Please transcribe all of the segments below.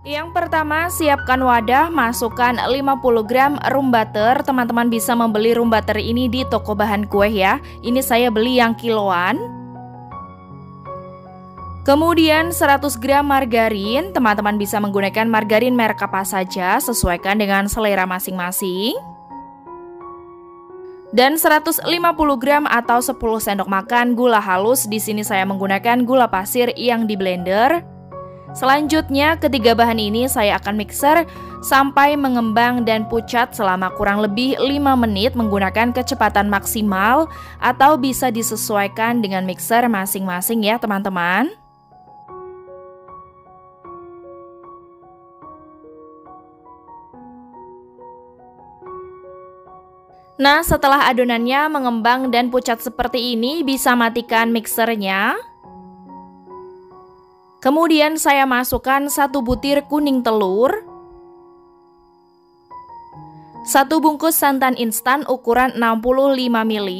Yang pertama, siapkan wadah, masukkan 50 gram rum butter. Teman-teman bisa membeli rum butter ini di toko bahan kue ya. Ini saya beli yang kiloan. Kemudian 100 gram margarin, teman-teman bisa menggunakan margarin merek apa saja, sesuaikan dengan selera masing-masing. Dan 150 gram atau 10 sendok makan gula halus, di sini saya menggunakan gula pasir yang di blender. Selanjutnya, ketiga bahan ini saya akan mixer sampai mengembang dan pucat selama kurang lebih 5 menit menggunakan kecepatan maksimal atau bisa disesuaikan dengan mixer masing-masing ya teman-teman. Nah, setelah adonannya mengembang dan pucat seperti ini, bisa matikan mixernya. Kemudian saya masukkan satu butir kuning telur, satu bungkus santan instan ukuran 65 ml,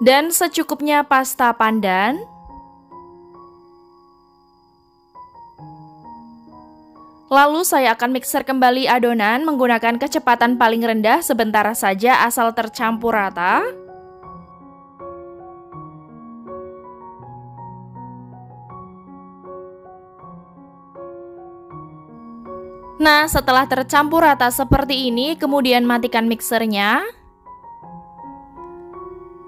dan secukupnya pasta pandan. Lalu saya akan mixer kembali adonan menggunakan kecepatan paling rendah sebentar saja asal tercampur rata. Nah, setelah tercampur rata seperti ini, kemudian matikan mixernya.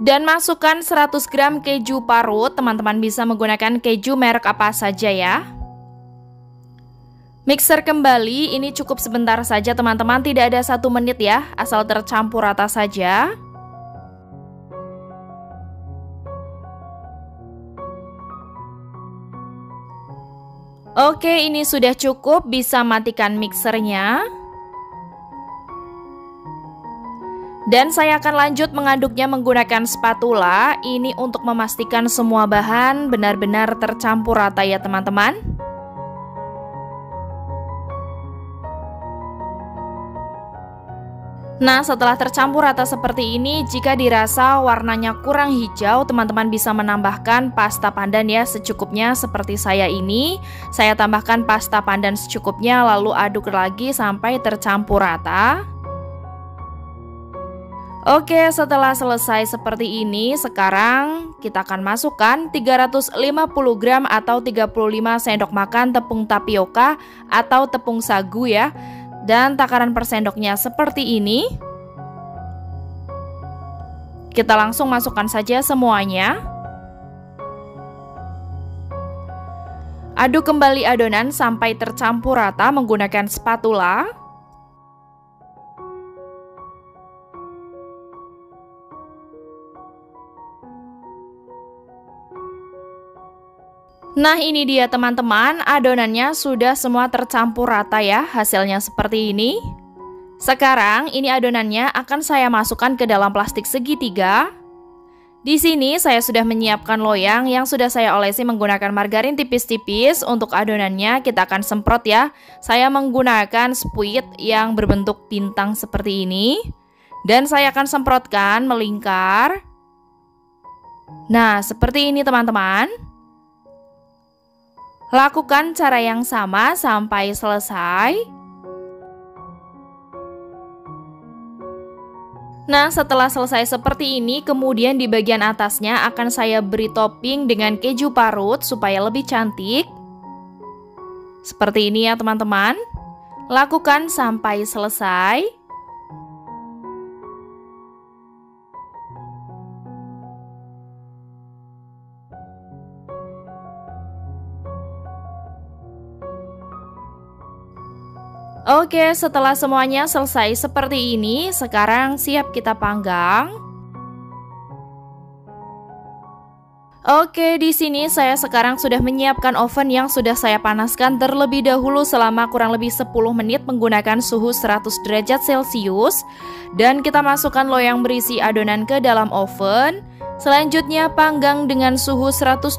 Dan masukkan 100 gram keju parut. Teman-teman bisa menggunakan keju merek apa saja ya. Mixer kembali, ini cukup sebentar saja teman-teman, tidak ada satu menit ya, asal tercampur rata saja. Oke, ini sudah cukup, bisa matikan mixernya. Dan saya akan lanjut mengaduknya menggunakan spatula Ini untuk memastikan semua bahan benar-benar tercampur rata ya teman-teman Nah, setelah tercampur rata seperti ini, jika dirasa warnanya kurang hijau, teman-teman bisa menambahkan pasta pandan ya secukupnya seperti saya ini. Saya tambahkan pasta pandan secukupnya lalu aduk lagi sampai tercampur rata. Oke, setelah selesai seperti ini, sekarang kita akan masukkan 350 gram atau 35 sendok makan tepung tapioka atau tepung sagu ya dan takaran per sendoknya seperti ini. Kita langsung masukkan saja semuanya. Aduk kembali adonan sampai tercampur rata menggunakan spatula. Nah ini dia teman-teman, adonannya sudah semua tercampur rata ya, hasilnya seperti ini. Sekarang ini adonannya akan saya masukkan ke dalam plastik segitiga. Di sini saya sudah menyiapkan loyang yang sudah saya olesi menggunakan margarin tipis-tipis. Untuk adonannya kita akan semprot ya. Saya menggunakan spuit yang berbentuk bintang seperti ini. Dan saya akan semprotkan melingkar. Nah, seperti ini teman-teman. Lakukan cara yang sama sampai selesai. Nah, setelah selesai seperti ini, kemudian di bagian atasnya akan saya beri topping dengan keju parut supaya lebih cantik. Seperti ini ya teman-teman. Lakukan sampai selesai. Oke, setelah semuanya selesai seperti ini, sekarang siap kita panggang. Oke, di sini saya sekarang sudah menyiapkan oven yang sudah saya panaskan terlebih dahulu selama kurang lebih 10 menit menggunakan suhu 100 derajat Celcius. Dan kita masukkan loyang berisi adonan ke dalam oven. Selanjutnya panggang dengan suhu 120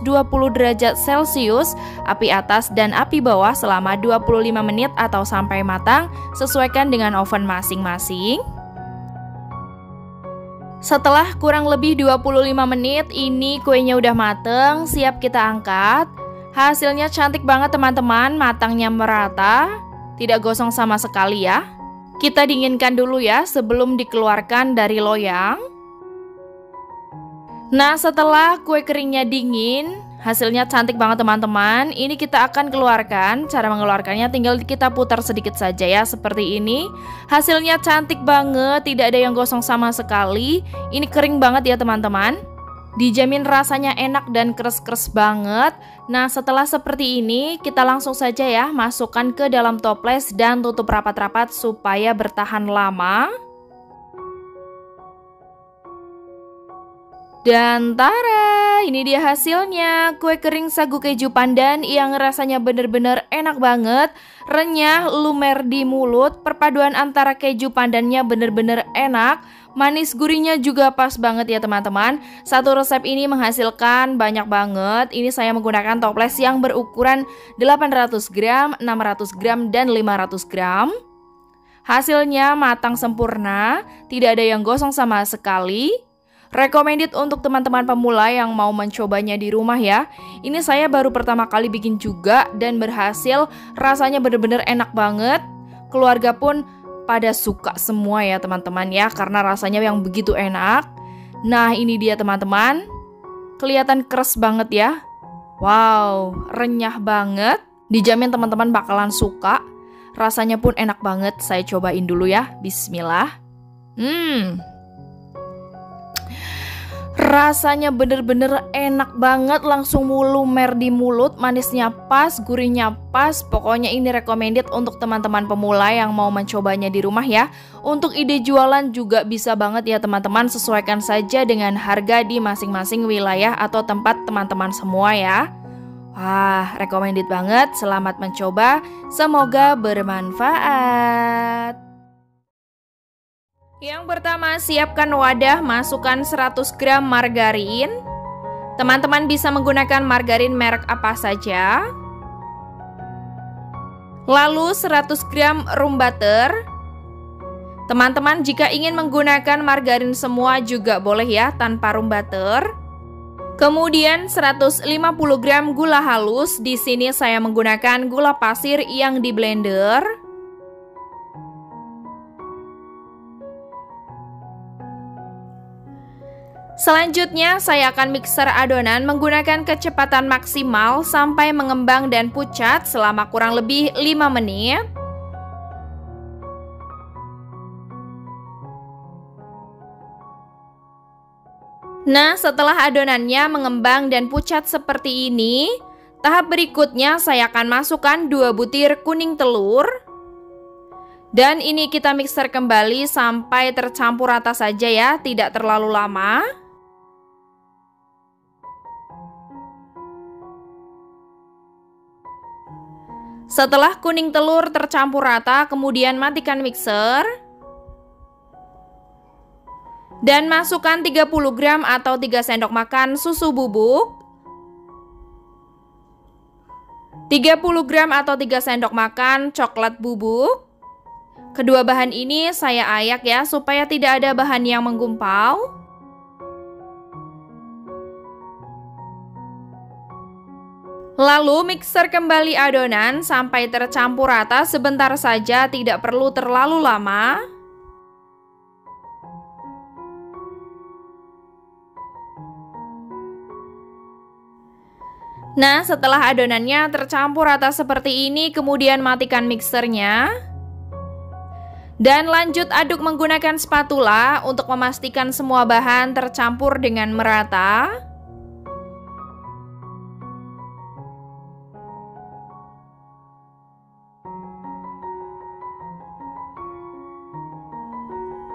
derajat Celcius, api atas dan api bawah selama 25 menit atau sampai matang, sesuaikan dengan oven masing-masing. Setelah kurang lebih 25 menit, ini kuenya udah mateng, siap kita angkat. Hasilnya cantik banget teman-teman, matangnya merata, tidak gosong sama sekali ya. Kita dinginkan dulu ya sebelum dikeluarkan dari loyang. Nah setelah kue keringnya dingin Hasilnya cantik banget teman-teman Ini kita akan keluarkan Cara mengeluarkannya tinggal kita putar sedikit saja ya Seperti ini Hasilnya cantik banget Tidak ada yang gosong sama sekali Ini kering banget ya teman-teman Dijamin rasanya enak dan kres-kres banget Nah setelah seperti ini kita langsung saja ya Masukkan ke dalam toples dan tutup rapat-rapat supaya bertahan lama Dan tara, ini dia hasilnya Kue kering sagu keju pandan yang rasanya benar-benar enak banget Renyah, lumer di mulut Perpaduan antara keju pandannya benar-benar enak Manis gurihnya juga pas banget ya teman-teman Satu resep ini menghasilkan banyak banget Ini saya menggunakan toples yang berukuran 800 gram, 600 gram, dan 500 gram Hasilnya matang sempurna, tidak ada yang gosong sama sekali Recommended untuk teman-teman pemula yang mau mencobanya di rumah ya. Ini saya baru pertama kali bikin juga dan berhasil. Rasanya bener-bener enak banget. Keluarga pun pada suka semua ya teman-teman ya karena rasanya yang begitu enak. Nah, ini dia teman-teman. Kelihatan keras banget ya. Wow, renyah banget. Dijamin teman-teman bakalan suka. Rasanya pun enak banget. Saya cobain dulu ya. Bismillah. Hmm, Rasanya bener-bener enak banget langsung mulumer di mulut, manisnya pas, gurihnya pas. Pokoknya ini recommended untuk teman-teman pemula yang mau mencobanya di rumah ya. Untuk ide jualan juga bisa banget ya teman-teman, sesuaikan saja dengan harga di masing-masing wilayah atau tempat teman-teman semua ya. Wah, recommended banget. Selamat mencoba. Semoga bermanfaat. Yang pertama, siapkan wadah, masukkan 100 gram margarin. Teman-teman bisa menggunakan margarin merek apa saja. Lalu 100 gram room butter. Teman-teman jika ingin menggunakan margarin semua juga boleh ya tanpa room butter. Kemudian 150 gram gula halus, di sini saya menggunakan gula pasir yang di blender. Selanjutnya, saya akan mixer adonan menggunakan kecepatan maksimal sampai mengembang dan pucat selama kurang lebih 5 menit. Nah, setelah adonannya mengembang dan pucat seperti ini, tahap berikutnya saya akan masukkan 2 butir kuning telur. Dan ini kita mixer kembali sampai tercampur rata saja ya, tidak terlalu lama. Setelah kuning telur tercampur rata, kemudian matikan mixer dan masukkan 30 gram atau 3 sendok makan susu bubuk 30 gram atau 3 sendok makan coklat bubuk Kedua bahan ini saya ayak ya supaya tidak ada bahan yang menggumpal Lalu mixer kembali adonan sampai tercampur rata sebentar saja tidak perlu terlalu lama Nah setelah adonannya tercampur rata seperti ini kemudian matikan mixernya Dan lanjut aduk menggunakan spatula untuk memastikan semua bahan tercampur dengan merata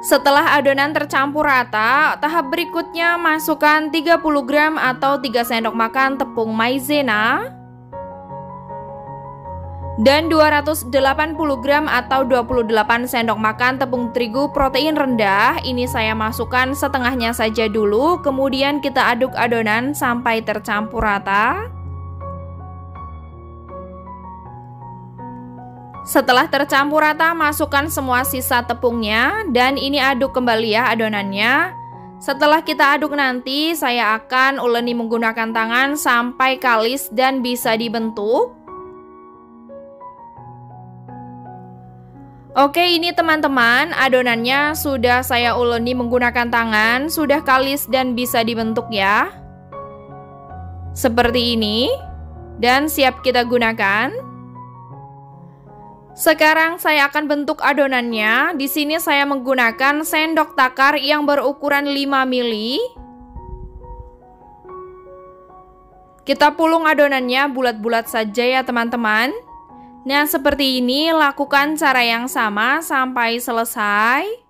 Setelah adonan tercampur rata, tahap berikutnya masukkan 30 gram atau 3 sendok makan tepung maizena dan 280 gram atau 28 sendok makan tepung terigu protein rendah ini saya masukkan setengahnya saja dulu kemudian kita aduk adonan sampai tercampur rata Setelah tercampur rata, masukkan semua sisa tepungnya dan ini aduk kembali ya adonannya. Setelah kita aduk nanti, saya akan uleni menggunakan tangan sampai kalis dan bisa dibentuk. Oke, ini teman-teman, adonannya sudah saya uleni menggunakan tangan, sudah kalis dan bisa dibentuk ya. Seperti ini. Dan siap kita gunakan. Sekarang saya akan bentuk adonannya. Di sini saya menggunakan sendok takar yang berukuran 5 mili. Kita pulung adonannya bulat-bulat saja ya teman-teman. Nah seperti ini lakukan cara yang sama sampai selesai.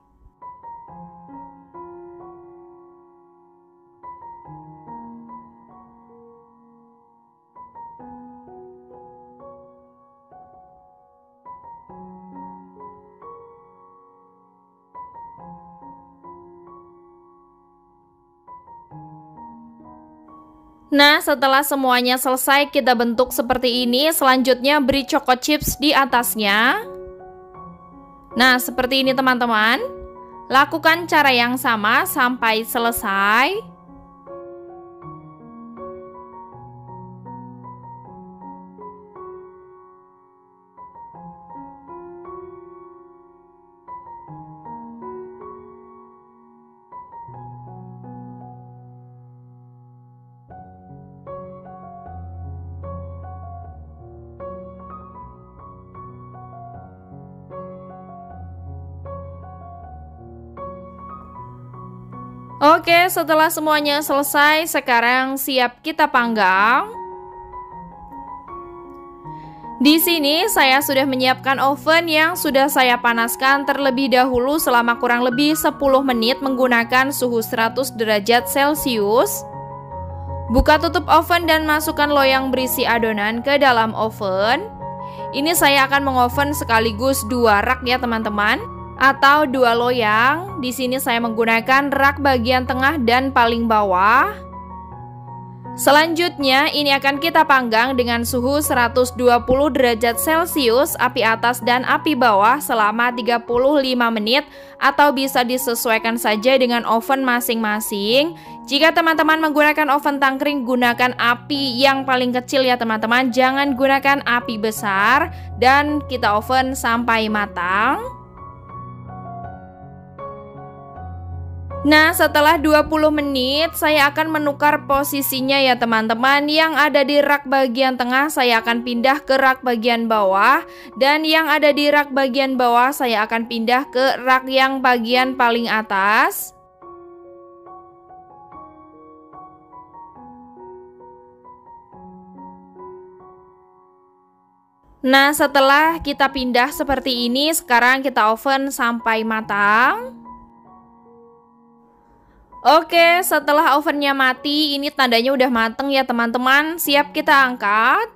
Nah, setelah semuanya selesai kita bentuk seperti ini, selanjutnya beri choco chips di atasnya. Nah, seperti ini teman-teman. Lakukan cara yang sama sampai selesai. Oke, setelah semuanya selesai, sekarang siap kita panggang. Di sini saya sudah menyiapkan oven yang sudah saya panaskan terlebih dahulu selama kurang lebih 10 menit menggunakan suhu 100 derajat Celcius. Buka tutup oven dan masukkan loyang berisi adonan ke dalam oven. Ini saya akan mengoven sekaligus dua rak ya teman-teman atau dua loyang. Di sini saya menggunakan rak bagian tengah dan paling bawah. Selanjutnya, ini akan kita panggang dengan suhu 120 derajat Celcius, api atas dan api bawah selama 35 menit atau bisa disesuaikan saja dengan oven masing-masing. Jika teman-teman menggunakan oven tangkring, gunakan api yang paling kecil ya teman-teman, jangan gunakan api besar dan kita oven sampai matang. Nah, setelah 20 menit saya akan menukar posisinya ya teman-teman. Yang ada di rak bagian tengah saya akan pindah ke rak bagian bawah dan yang ada di rak bagian bawah saya akan pindah ke rak yang bagian paling atas. Nah, setelah kita pindah seperti ini, sekarang kita oven sampai matang. Oke, setelah ovennya mati, ini tandanya udah mateng ya teman-teman. Siap kita angkat.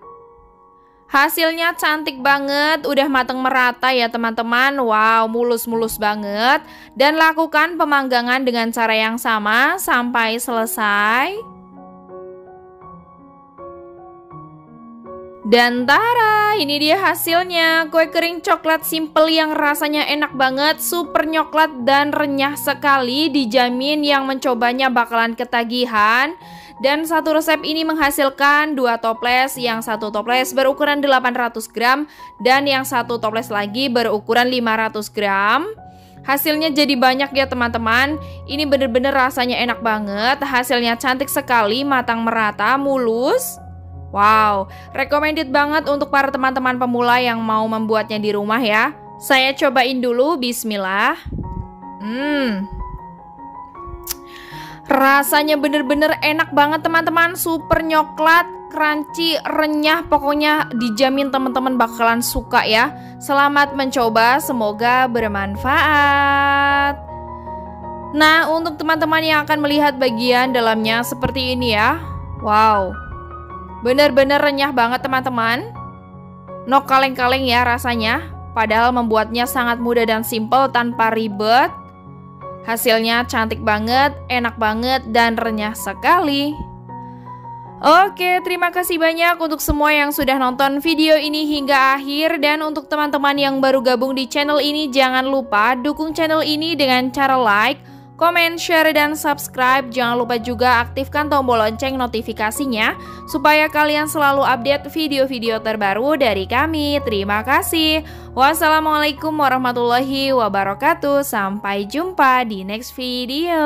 Hasilnya cantik banget, udah mateng merata ya teman-teman. Wow, mulus-mulus banget. Dan lakukan pemanggangan dengan cara yang sama sampai selesai. Dan tara, ini dia hasilnya. Kue kering coklat simple yang rasanya enak banget, super nyoklat dan renyah sekali. Dijamin yang mencobanya bakalan ketagihan. Dan satu resep ini menghasilkan dua toples, yang satu toples berukuran 800 gram dan yang satu toples lagi berukuran 500 gram. Hasilnya jadi banyak ya teman-teman Ini bener-bener rasanya enak banget Hasilnya cantik sekali, matang merata, mulus Wow, recommended banget untuk para teman-teman pemula yang mau membuatnya di rumah ya. Saya cobain dulu, bismillah. Hmm. Rasanya bener-bener enak banget teman-teman, super nyoklat, crunchy, renyah, pokoknya dijamin teman-teman bakalan suka ya. Selamat mencoba, semoga bermanfaat. Nah, untuk teman-teman yang akan melihat bagian dalamnya seperti ini ya. Wow, benar-benar renyah banget teman-teman. No kaleng-kaleng ya rasanya, padahal membuatnya sangat mudah dan simple tanpa ribet. Hasilnya cantik banget, enak banget, dan renyah sekali. Oke, terima kasih banyak untuk semua yang sudah nonton video ini hingga akhir dan untuk teman-teman yang baru gabung di channel ini jangan lupa dukung channel ini dengan cara like, komen, share, dan subscribe. Jangan lupa juga aktifkan tombol lonceng notifikasinya supaya kalian selalu update video-video terbaru dari kami. Terima kasih. Wassalamualaikum warahmatullahi wabarakatuh. Sampai jumpa di next video.